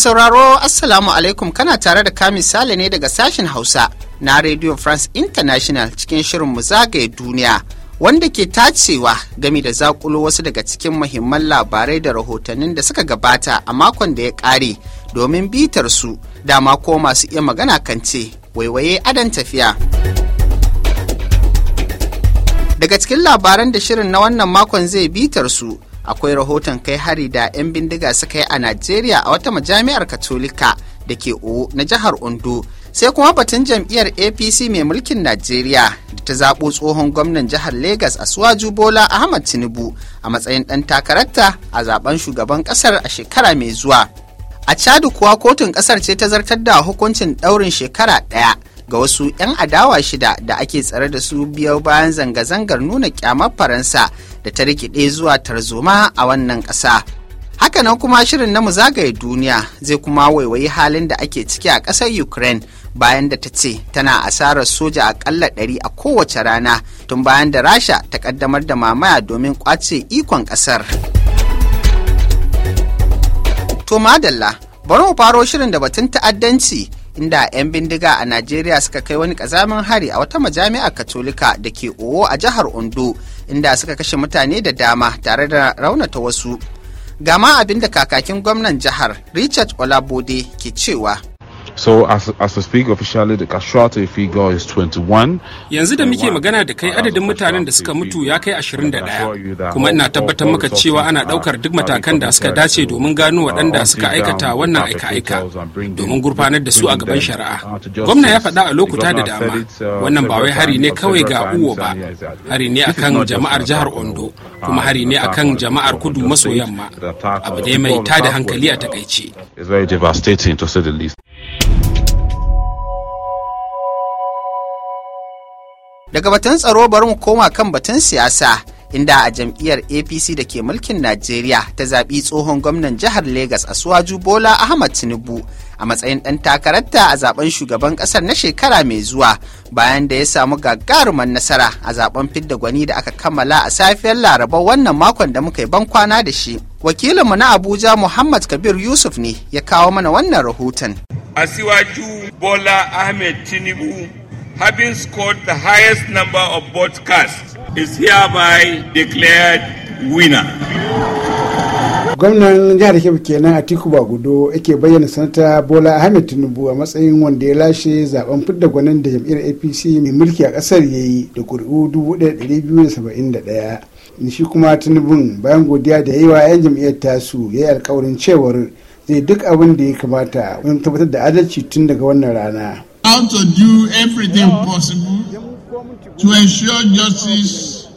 sauraro Assalamu alaikum kana tare da kami sale ne daga sashen Hausa na Radio France International cikin shirin mu zagaye duniya wanda ke tacewa gami da zakulo wasu daga cikin muhimman labarai da rahotannin da suka gabata a makon da ya kare, domin bitar su dama ko masu iya magana kan ce waiwaye adan tafiya. Daga cikin labaran da shirin na wannan makon zai bitar su akwai rahoton kai hari da 'yan bindiga suka yi a najeriya a wata majami'ar katolika da ke o na jihar ondo sai kuma batun jam'iyyar apc mai mulkin najeriya da ta zaɓo tsohon gwamnan jihar lagos a suwaju bola ahmad tinubu a matsayin ɗan takararta a zaben shugaban ƙasar a shekara mai zuwa a chadu kuwa kotun ƙasar ce ta zartar da hukuncin ɗaurin shekara ɗaya ga wasu 'yan adawa shida da ake tsare da su biyo bayan zanga-zangar nuna kyamar faransa da ta rikide zuwa tarzoma a wannan ƙasa hakanan kuma shirin na zagaye duniya zai kuma waiwayi halin da ake ciki a ƙasar ukraine bayan da ta ce tana asarar soja akalla ɗari a kowace rana tun bayan da rasha ta ƙaddamar da mamaya domin ƙwace ikon ƙasar to madalla bari mu faro shirin da batun ta'addanci inda 'yan bindiga a Najeriya suka kai wani ƙazamin hari a wata majami'a Katolika da ke Owo a jihar Ondo, inda suka kashe mutane da dama tare da raunata wasu. Gama abin da kakakin gwamnan jihar Richard Olabode ke cewa. So as, as speak officially the casualty figure is 21. Yanzu da muke magana da kai adadin mutanen da suka mutu ya kai 21 kuma ina tabbatar maka cewa ana daukar duk matakan da suka dace domin gano waɗanda suka aikata wannan aika-aika domin gurfanar da su a gaban shari'a. Gwamna ya faɗa a lokuta da dama uh, wannan ba wai hari ne kawai ga uwo ba hari ne akan jama'ar jihar Ondo kuma hari ne akan jama'ar kudu maso yamma abu ne mai tada hankali a takaice. Daga batun tsaro bari mu koma kan batun siyasa inda a jam'iyyar APC da ke mulkin Najeriya ta zaɓi tsohon gwamnan jihar Legas a Suwaju Bola Ahmad Tinubu a matsayin ɗan takararta a zaben shugaban ƙasar na shekara mai zuwa bayan da ya samu gagaruman nasara a zaben fidda gwani da aka kammala a safiyar Laraba wannan makon da muka yi ban kwana da shi. wakilinmu na abuja muhammad kabir yusuf ne ya kawo mana wannan rahoton asiwaju bola ahmed tinubu having scored the highest number of broadcasts is hereby declared winner gwamnan jihar kebbi kenan atiku bagudo yake bayyana sanata bola ahmed tinubu a matsayin wanda ya lashe zaben fidda gwanin da jam'iyyar apc mai mulki a kasar ya yi da kuri'u 1271 shi kuma tinubun bayan godiya da yawa 'yan jam'iyyar tasu ya yi alkawarin cewar zai duk abin da ya kamata wajen tabbatar da adalci tun daga wannan rana. How to do everything possible to ensure justice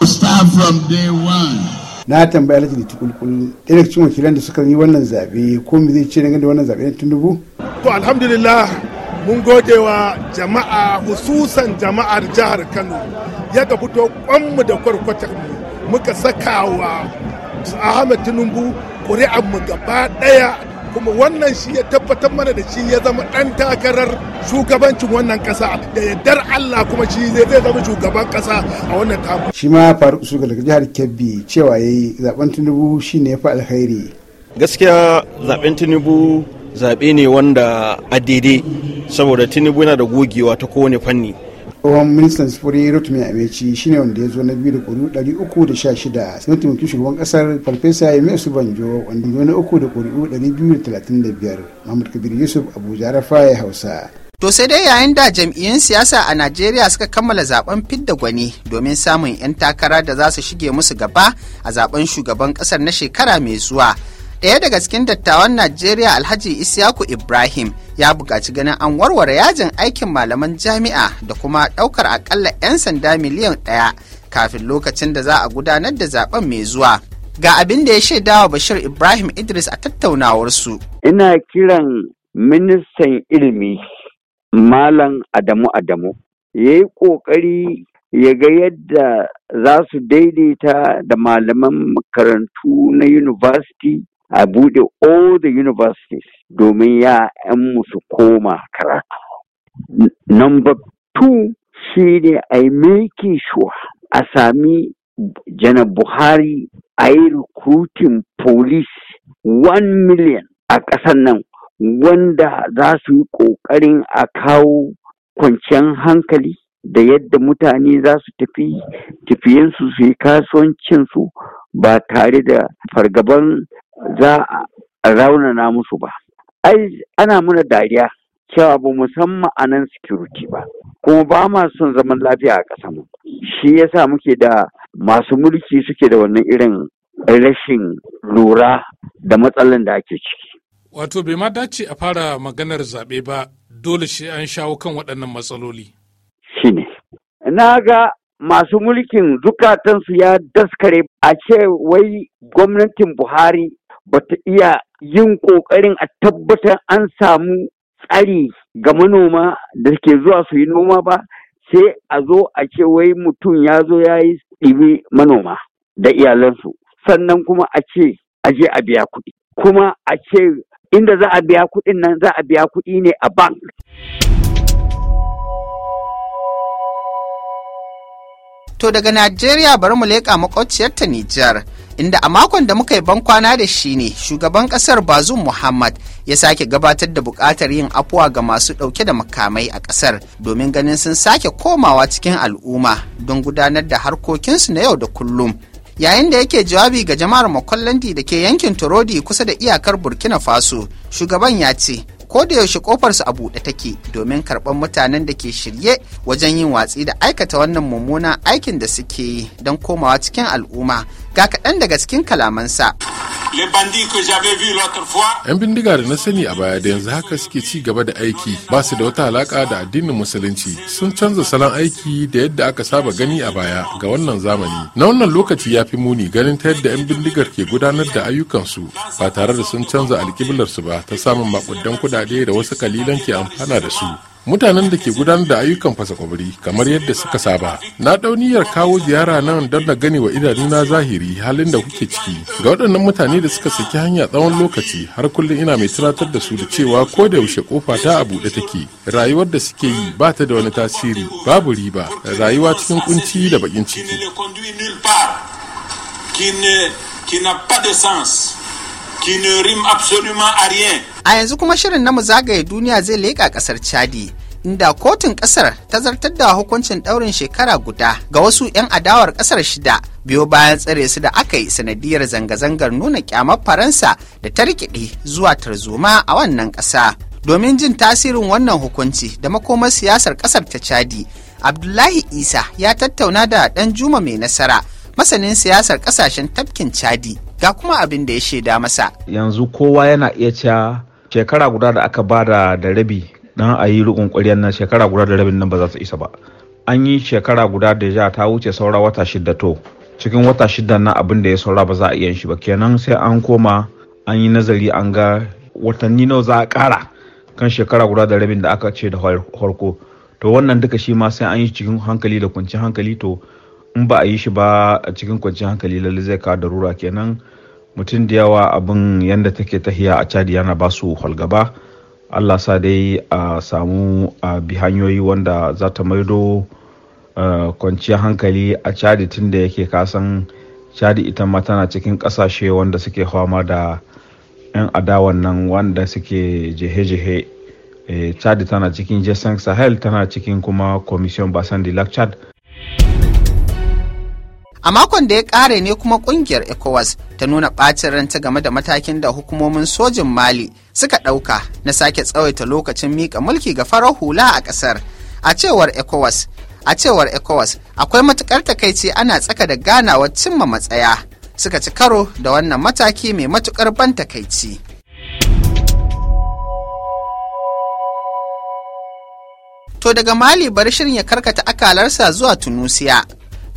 to start from day one. Na tambaya Alhaji da tukulkul ɗaya wakilan da suka yi wannan zaɓe, ko me zai ce na da wannan zaɓe na Tinubu? To alhamdulillah mun gode wa jama'a hususan jama'ar jihar Kano yadda fito kwanmu da kwarkwatar mu muka saka wa ahmed tinubu mu gaba ɗaya kuma wannan shi ya tabbatar mana da shi ya zama ɗan takarar shugabancin wannan ƙasa da yardar Allah kuma shi zai zama shugaban ƙasa a wannan tamu. Shi ma faru su daga jihar Kebbi cewa ya yi zaben Tinubu shi ne fi alkhairi. Gaskiya zaben Tinubu zaɓe ne wanda a daidai saboda Tinubu yana da gogewa ta kowane fanni. tsohon ministan sufuri rotumi abeci shine wanda ya zo na biyu da dari uku da sha shida sai taimakin shugaban kasar farfesa ya yemi banjo wanda zo na uku da da dari biyu talatin da biyar mahmud kabir yusuf abuja ya hausa To sai dai yayin da jam'iyyun siyasa a Najeriya suka kammala zaben fidda gwani domin samun 'yan takara da za su shige musu gaba a zaben shugaban kasar na shekara mai zuwa. Ɗaya daga cikin dattawan Najeriya Alhaji Isyaku Ibrahim ya buƙaci ganin an warware yajin aikin malaman jami'a da kuma ɗaukar aƙalla 'yan sanda miliyan ɗaya kafin lokacin da za a gudanar da zaben mai zuwa. Ga abin da ya wa Bashir Ibrahim Idris a tattaunawar su. Ina kiran ministan ilimi Malam Adamu Adamu ya yi ƙoƙari ya ga yadda za su daidaita da malaman makarantu na university a buɗe all the universities domin ya ‘ya'yanmu su koma karatu. Number two shi ne a yi sure a sami janar Buhari a yi recruiting police one million a ƙasar nan wanda za su yi ƙoƙarin a kawo kwanciyar hankali da yadda mutane za su tafi tafiyensu su yi kasuwancinsu ba tare da fargaban za a raunana musu ba. ai ana muna dariya cewa ba mu san ma'anan security ba kuma ba ma son zaman lafiya a ƙasa mu shi yasa muke da masu mulki suke da wannan irin rashin lura da matsalan da ake ciki wato bai ma dace a fara maganar zaɓe ba dole shi an shawo kan waɗannan matsaloli shine na ga masu mulkin zukatansu ya daskare a ce wai gwamnatin buhari Ba ta iya yin ƙoƙarin a tabbatar an samu tsari ga manoma da ke zuwa su yi noma ba sai a zo a ce wai mutum ya zo ya yi ɗibi manoma da iyalansu sannan kuma a ce a je a biya kuɗi kuma a ce inda za a biya kuɗin nan za a biya kuɗi ne a bank. To daga Najeriya bari mu leƙa makwabciyar ta Nijar inda a makon da muka yi bankwana da shi ne shugaban kasar bazum muhammad ya sake gabatar da bukatar yin afuwa ga masu dauke da makamai a kasar domin ganin sun sake komawa cikin al'umma don gudanar da harkokinsu na yau da kullum yayin da yake jawabi ga jama'ar makwallandi da ke yankin torodi kusa da iyakar burkina faso shugaban ya ce ko da yaushe kofarsu a buɗe take domin karɓar mutanen da ke shirye wajen yin watsi da aikata wannan mummunan aikin da suke yi don komawa cikin al'umma ga kaɗan daga cikin kalamansa. Yan bindiga da na sani a baya da yanzu haka suke ci gaba da aiki ba su da wata alaƙa da addinin musulunci sun canza salon aiki da yadda aka saba gani a baya ga wannan zamani. Na wannan lokaci ya fi muni ganin ta yadda yan bindigar ke gudanar da ayyukansu ba tare da sun canza alkiblarsu ba ta samun makudan kudade da wasu kalilan ke amfana da su. mutanen da ke gudanar da ayyukan fasa kwabari kamar yadda suka saba na dauniyar kawo ziyara nan don na gane wa idanuna zahiri halin da kuke ciki ga waɗannan mutane da suka saki hanya tsawon lokaci har kullum ina mai tunatar da su da cewa ko da yaushe kofa ta a buɗe take rayuwar da suke yi ba ta da wani tasiri babu riba rayuwa cikin kunci da bakin ciki qui n'a qui ne rime absolument à rien. A yanzu kuma shirin na mu zagaye duniya zai leƙa ƙasar Chadi. Inda kotun ƙasar ta zartar da hukuncin ɗaurin shekara guda ga wasu 'yan adawar ƙasar shida biyo bayan tsare su da aka yi sanadiyar zanga-zangar nuna kyamar Faransa da ta rikide zuwa tarzoma a wannan ƙasa. Domin jin tasirin wannan hukunci da makomar siyasar ƙasar ta Chadi, Abdullahi Isa ya tattauna da ɗan Juma mai nasara masanin siyasar ƙasashen tafkin Chadi ga kuma abin da ya shaida masa yanzu kowa yana iya cewa shekara guda da aka ba da rabi don a yi rukun ƙwaryen nan shekara guda da rabin nan ba za su isa ba an yi shekara guda da ja ta wuce saura wata shida to cikin wata shida na abin da ya saura ba za a iya shi ba kenan sai an koma an yi nazari an ga watanni nawa za a kara kan shekara guda da rabin da aka ce da farko to wannan duka shi ma sai an yi cikin hankali da kwanci hankali to in ba a yi shi ba a cikin kwanciyar hankali lalle zai kawo darura kenan mutum da yawa abin yadda take tahiya a cadi yana ba su holgaba allah sa dai a samu a bi hanyoyi wanda za ta maido kwanciyar hankali a cadi tun da yake kasan cadi ita ma tana cikin kasashe wanda suke fama da 'yan adawan nan wanda suke jehe-jehe eh, chad tana cikin jesang sahel tana cikin kuma commission basan de lac chad a makon da ya kare ne kuma kungiyar ecowas ta nuna ɓacin ranta game da matakin da hukumomin sojin mali suka ɗauka na sake tsawaita lokacin miƙa mulki ga farar hula a ƙasar a cewar ecowas a cewar ecowas akwai matukar takaici ana tsaka da ganawar cimma matsaya suka ci karo da wannan mataki mai matukar ban takaici to daga mali bari shirin ya karkata akalarsa zuwa tunusiya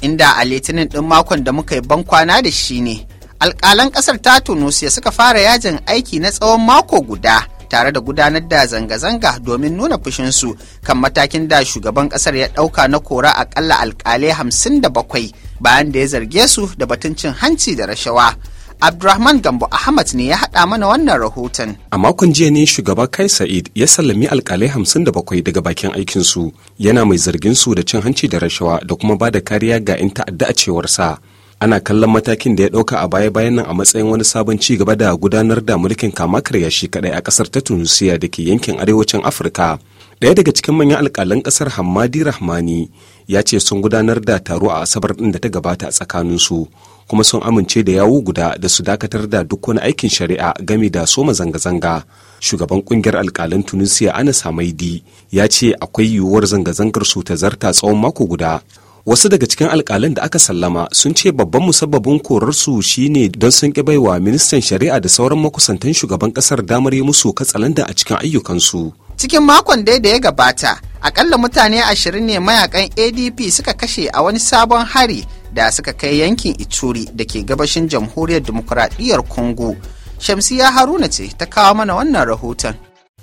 inda a litinin ɗin makon da muka yi bankwana da shi ne alƙalan ƙasar ta tunisia suka fara yajin aiki na tsawon mako guda tare da gudanar da zanga-zanga domin nuna fushinsu kan matakin da shugaban ƙasar ya ɗauka na kora aƙalla alƙalai hamsin da bakwai bayan da ya zarge su da batun cin hanci da rashawa. abdulrahman Gambo Ahmad ne ya haɗa mana wannan rahoton. A makon jiya ne shugaba Kai Sa'id ya sallami alkalai hamsin da bakwai daga bakin aikinsu yana mai zargin su da cin hanci da rashawa da kuma ba da kariya ga in ta'adda a cewar sa Ana kallon matakin da ya ɗauka a baya-bayan nan a matsayin wani sabon ci gaba da gudanar da mulkin kama karya shi kaɗai a ƙasar ta Tunisia da ke yankin arewacin Afirka. Ɗaya daga cikin manyan alƙalan ƙasar Hammadi Rahmani ya ce sun gudanar da taro a Asabar ɗin da ta gabata a tsakaninsu kuma sun amince da yawu guda da su dakatar da duk wani aikin shari'a game da soma zanga-zanga shugaban kungiyar alkalin tunisia anas samaidi ya ce akwai yiwuwar zanga-zangar su ta zarta tsawon mako guda wasu daga cikin alkalin da aka sallama sun ce babban musabbabin korarsu shine don sun ƙi baiwa ministan shari'a da sauran makusantan shugaban kasar damar yi musu katsalandan a cikin ayyukansu cikin makon dai da ya gabata akalla mutane ashirin ne mayakan adp suka kashe a wani sabon hari da suka kai yankin Ituri da ke gabashin jamhuriyar demokuraɗiyyar Congo. Shamsiya Haruna ce ta kawo mana wannan rahoton.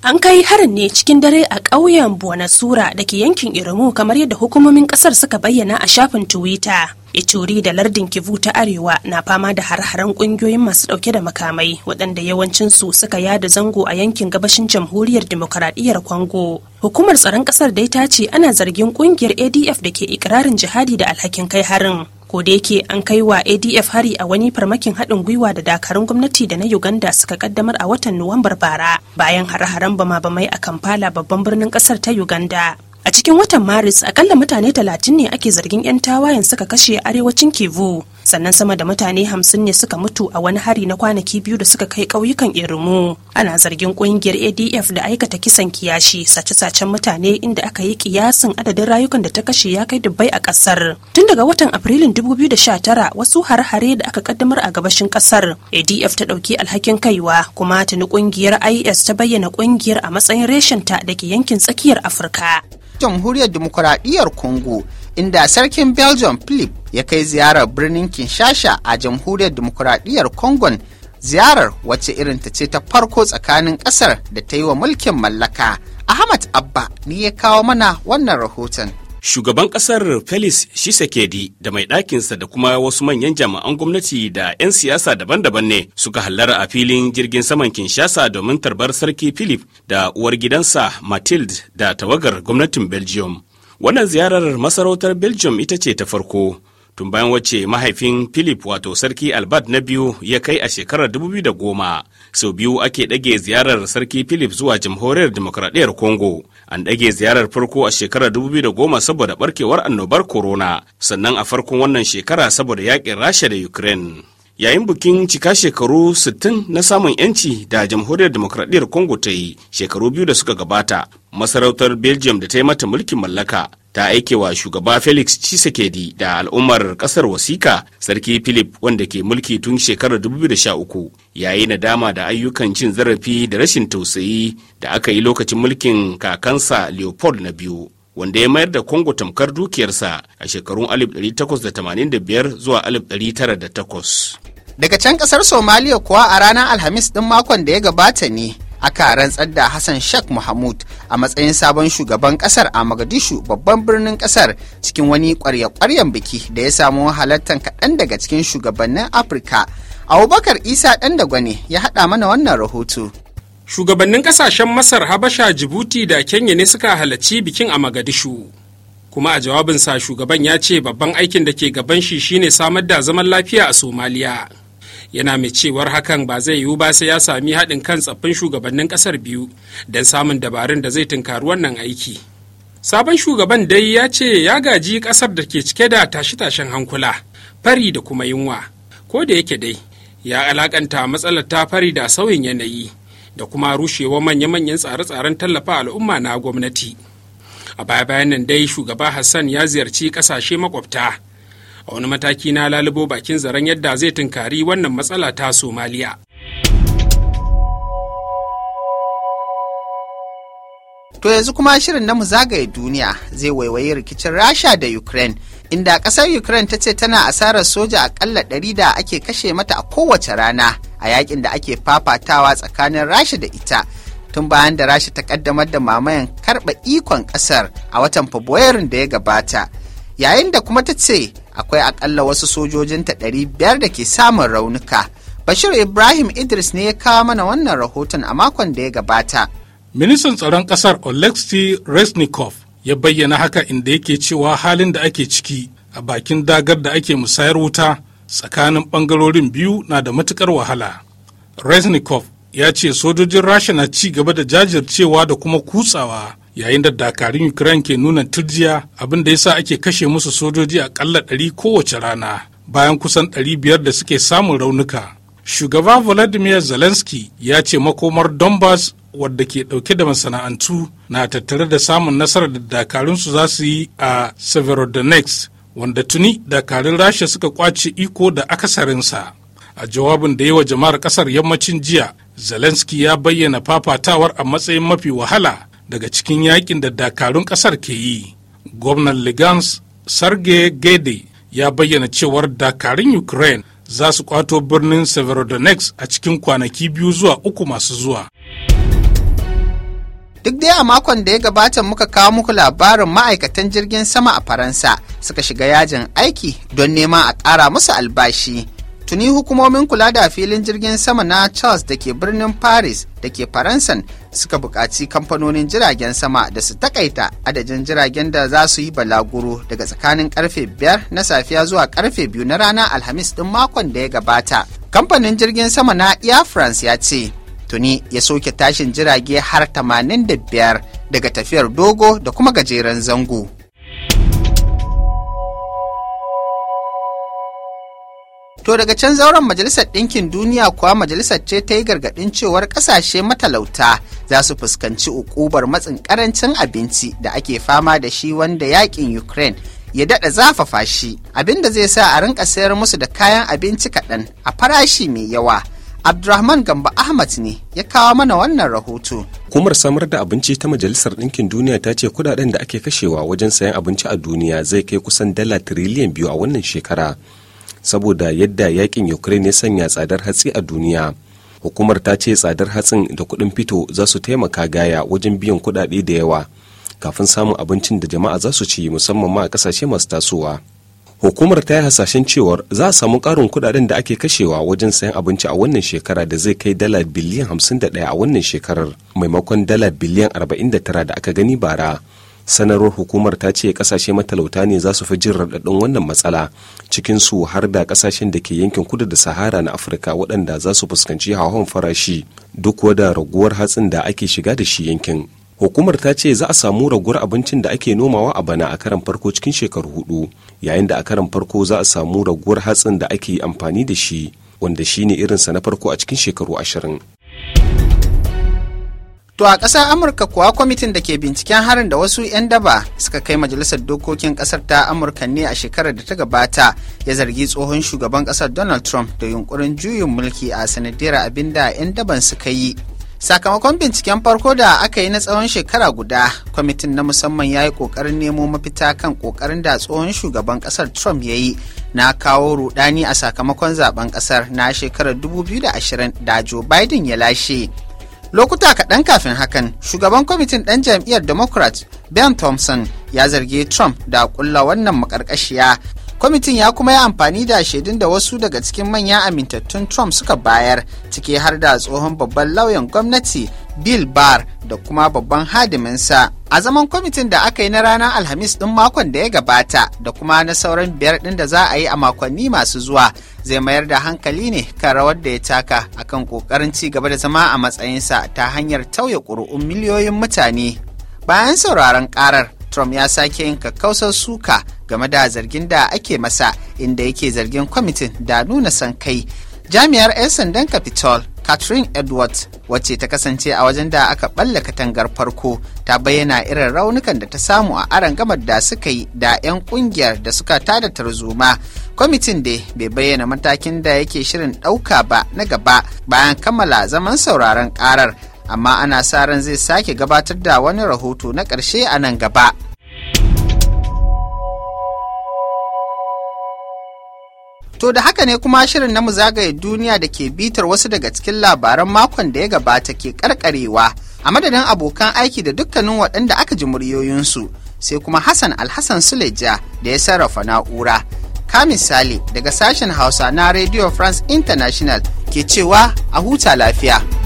An kai harin ne cikin dare a ƙauyen Buwanasura da ke yankin Irumu kamar yadda hukumomin ƙasar suka bayyana a shafin Twitter. Ituri da lardin Kivu ta Arewa na fama da har-haren ƙungiyoyin masu ɗauke da makamai waɗanda yawancinsu suka yada zango a yankin gabashin jamhuriyar demokaradiyyar Congo. Hukumar tsaron ƙasar dai ta ce ana zargin ƙungiyar ADF da ke ikirarin jihadi da alhakin kai harin. ko da yake an kai wa adf hari a wani farmakin haɗin gwiwa da dakarun gwamnati da na uganda suka kaddamar a watan nuwambar bara bayan hare-haren bama-bamai a kampala babban birnin ƙasar ta uganda a cikin watan maris akalla mutane talatin ne ake zargin 'yan tawayen suka kashe arewacin kivu sannan sama da mutane hamsin ne suka mutu a wani hari na kwanaki biyu da suka kai ƙauyukan irimu ana zargin ƙungiyar adf da aikata kisan kiyashi sace-sacen mutane inda aka yi kiyasin adadin rayukan da ta kashe ya kai dubbai a ƙasar tun daga watan afrilun 2019 wasu har-hare da aka kaddamar a gabashin ƙasar adf ta ɗauki alhakin kaiwa kuma tuni ƙungiyar is ta bayyana ƙungiyar a matsayin reshenta da ke yankin tsakiyar afirka jamhuriyar dimokuraɗiyyar congo inda sarkin belgium philip ya kai ziyarar birnin kinshasa a jamhuriyar demokuraɗiyyar congon ziyarar wacce irinta ce ta farko tsakanin ƙasar da ta yi wa mulkin mallaka ahmad abba ni ya kawo mana wannan rahoton shugaban ƙasar felix shisekedi da mai ɗakinsa da kuma wasu manyan jami'an gwamnati da 'yan siyasa daban-daban ne suka hallara a filin jirgin saman kinshasa domin tarbar sarki philip da uwar gidansa matilde da tawagar gwamnatin belgium Wannan ziyarar masarautar Belgium ita ce ta farko tun bayan wacce mahaifin Philip wato sarki Albert na biyu ya kai a shekarar 2010 sau biyu ake ɗage ziyarar sarki Philip zuwa jamhuriyar demokradiyyar Congo. An ɗage ziyarar farko a shekarar 2010 saboda ɓarkewar annobar corona sannan a farkon wannan shekara saboda yaƙin Rasha da Ukraine. yayin bukin cika shekaru 60 na samun yanci da jamhuriyar demokradiyyar congo ta yi shekaru biyu da suka gabata masarautar belgium da ta yi mata mulkin mallaka ta aikewa shugaba felix chisekedi da al'ummar kasar wasika sarki philip wanda ke mulki tun shekarar 2013 yayi nadama da ayyukan cin zarafi da rashin tausayi da aka yi lokacin mulkin kakansa leopold na biyu wanda ya mayar da Congo tamkar dukiyarsa a shekarun 1885 zuwa 1908. Daga can kasar Somaliya kuwa a ranar Alhamis ɗin makon da ya gabata ne aka rantsar da Hassan Sheikh Mohamud a matsayin sabon shugaban kasar a Magadishu babban birnin kasar cikin wani kwarya-kwaryen biki da ya samu halartar kaɗan daga cikin shugabannin Afirka. Abubakar Isa ɗan dagwane ya haɗa mana wannan rahoto. shugabannin kasashen masar habasha jibuti da kenya ne suka halarci bikin a magadishu kuma a jawabinsa shugaban ya ce babban aikin da ke gaban shi shine samar da zaman lafiya a somaliya yana mai cewar hakan ba zai yiwu ba sai ya sami haɗin kan tsaffin shugabannin ƙasar biyu don samun dabarun da zai tunkari wannan aiki sabon shugaban dai ya ce ya gaji ƙasar da ke cike da tashe-tashen hankula fari da kuma yunwa ko da yake dai ya alakanta matsalar ta fari da sauyin yanayi da kuma rushewa manya-manyan tsare-tsaren tallafa al'umma na gwamnati a baya-bayan nan dai shugaba hassan ya ziyarci kasashe makwabta a wani mataki na lalubo bakin zaren yadda zai tunkari wannan matsala ta somaliya To yanzu kuma shirin na zagaye duniya zai waiwayi rikicin Rasha da Ukraine, inda ƙasar Ukraine ta ce tana asarar soja akalla ɗari da ake kashe mata a kowace rana a yakin da ake fafatawa tsakanin rasha da ita tun bayan da rasha ta kaddamar da mamayan karba ikon ƙasar a watan fabrairun da ya gabata yayin da kuma ta ce akwai akalla wasu sojojinta 500 da ke samun raunuka bashir ibrahim idris ne ya kawo mana wannan rahoton a makon da ya gabata ministan tsaron Kasar oleksiy resnikov ya bayyana haka inda yake cewa halin da ake ciki a bakin dagar da ake musayar wuta tsakanin bangarorin biyu na da matukar wahala reznikov ya ce sojojin rasha na ci gaba da jajircewa da kuma kutsawa yayin da dakarun ukraine ke nuna turjiya abin da sa ake kashe musu sojoji a akalla ɗari kowace rana bayan kusan ɗari biyar da suke samun raunuka shugaba volodymyr zelensky ya ce makomar donbass wadda ke ɗauke da masana'antu na tattare da samun nasarar da dakarunsu za su yi a severodonetsk wanda tuni dakarun rasha suka kwace iko da akasarinsa a jawabin da yi wa jama'ar kasar yammacin jiya zelensky ya bayyana fafatawar a matsayin mafi wahala daga cikin yakin da dakarun kasar ke yi gwamnan ligans sarge gede ya bayyana cewar dakarun ukraine za su kwato birnin severodonex a cikin kwanaki biyu zuwa uku masu zuwa Duk dai a makon da ya gabata muka kawo muku labarin ma'aikatan jirgin sama a Faransa suka shiga yajin aiki don neman a ƙara musu albashi. Tuni hukumomin kula da filin jirgin sama na Charles da ke birnin Paris da ke Faransan suka buƙaci kamfanonin jiragen sama da su takaita adajin jiragen da za su yi balaguro daga tsakanin karfe biyar na safiya zuwa karfe biyu na rana Alhamis din makon da ya gabata. Kamfanin jirgin sama na Air France ya ce, tuni ya soke tashin jirage har 85 daga tafiyar dogo da kuma gajeren zango. To daga can zauren Majalisar Ɗinkin Duniya kuwa majalisar ce ta yi gargaɗin cewar ƙasashe matalauta za su fuskanci ukubar matsin ƙarancin abinci da ake fama da shi wanda yaƙin Ukraine ya daɗa zafafa shi abinda zai sa a rinka sayar musu da kayan abinci kaɗan a farashi mai yawa. Abdurrahman Gamba Ahmad ne ya kawo mana wannan rahoto. Hukumar samar da abinci ta Majalisar Ɗinkin Duniya ta ce kudaden da ake kashewa wajen sayan abinci a duniya zai kai kusan dala tiriliyan biyu a wannan shekara. Saboda yadda yakin Ukraine ya sanya tsadar hatsi a duniya. Hukumar ta ce tsadar hatsin da kuɗin fito za su taimaka gaya wajen biyan kuɗaɗe da yawa kafin samun abincin da jama'a za su ci musamman ma a ƙasashe masu tasowa. hukumar ta yi hasashen cewar za a samu karin kudaden da ake kashewa wajen sayan abinci a wannan shekara da zai kai dala biliyan 51 a wannan shekarar maimakon dala biliyan 49 da aka gani bara sanarwar hukumar ta ce kasashe matalauta ne za su fi jin raɗaɗin wannan matsala cikin su har da kasashen da ke yankin kudu da sahara na afirka waɗanda za su fuskanci hawan farashi duk da raguwar hatsin da ake shiga da shi yankin hukumar ta ce za a samu raguwar abincin da ake nomawa a bana a karan farko cikin shekaru hudu yayin da a karan farko za a samu raguwar hatsin da ake amfani da shi wanda shi ne irinsa na farko a cikin shekaru ashirin To a ƙasar Amurka kuwa kwamitin da ke binciken harin da wasu 'yan daba suka kai majalisar dokokin ƙasar ta Amurka ne a shekarar da ta gabata ya zargi tsohon shugaban ƙasar Donald Trump da yunkurin juyin mulki a sanadiyar abin da 'yan daban suka yi. sakamakon binciken farko da aka yi na tsawon shekara guda kwamitin na musamman ya yi kokarin nemo mafita kan kokarin da tsohon shugaban kasar trump ya yi na kawo rudani a sakamakon zaben kasar na shekarar 2020 da joe biden ya lashe lokuta kaɗan kafin hakan shugaban kwamitin ɗan jam'iyyar democrat ben thompson ya zargi trump da kulla wannan makarkashiya kwamitin ya kuma yi amfani da shaidun da wasu daga cikin manyan amintattun trump suka bayar ciki har da tsohon babban lauyan gwamnati bill barr da kuma babban hadiminsa a zaman kwamitin da aka yi na ranar alhamis ɗin makon da ya gabata da kuma na sauran biyar ɗin da za a yi a makonni masu zuwa zai mayar da hankali ne kan rawar da ya taka akan ƙoƙarin ci gaba da zama a matsayinsa ta hanyar tauye ƙuri'un miliyoyin mutane bayan sauraron ƙarar trump ya sake yin kakkausar suka game da zargin da ake masa inda yake zargin kwamitin da nuna san kai jami'ar 'yan sandan capitol catherine edwards wacce ta kasance a wajen da aka balla katangar farko ta bayyana irin raunukan da ta samu a aron gamar da suka yi da 'yan kungiyar da suka tada tarzoma kwamitin da bai bayyana matakin da yake shirin ɗauka ba na gaba bayan kammala zaman sauraron ƙarar. amma ana sa ran zai sake gabatar da wani rahoto na ƙarshe a nan gaba To da haka ne kuma shirin na mu zagaye duniya da ke bitar wasu daga cikin labaran makon da ya gabata ke karkarewa a madadin abokan aiki da dukkanin waɗanda aka ji muryoyinsu sai kuma Hassan Alhassan Suleja da ya sarrafa na'ura. Ka misali daga sashen Hausa na Radio France International ke cewa a huta lafiya.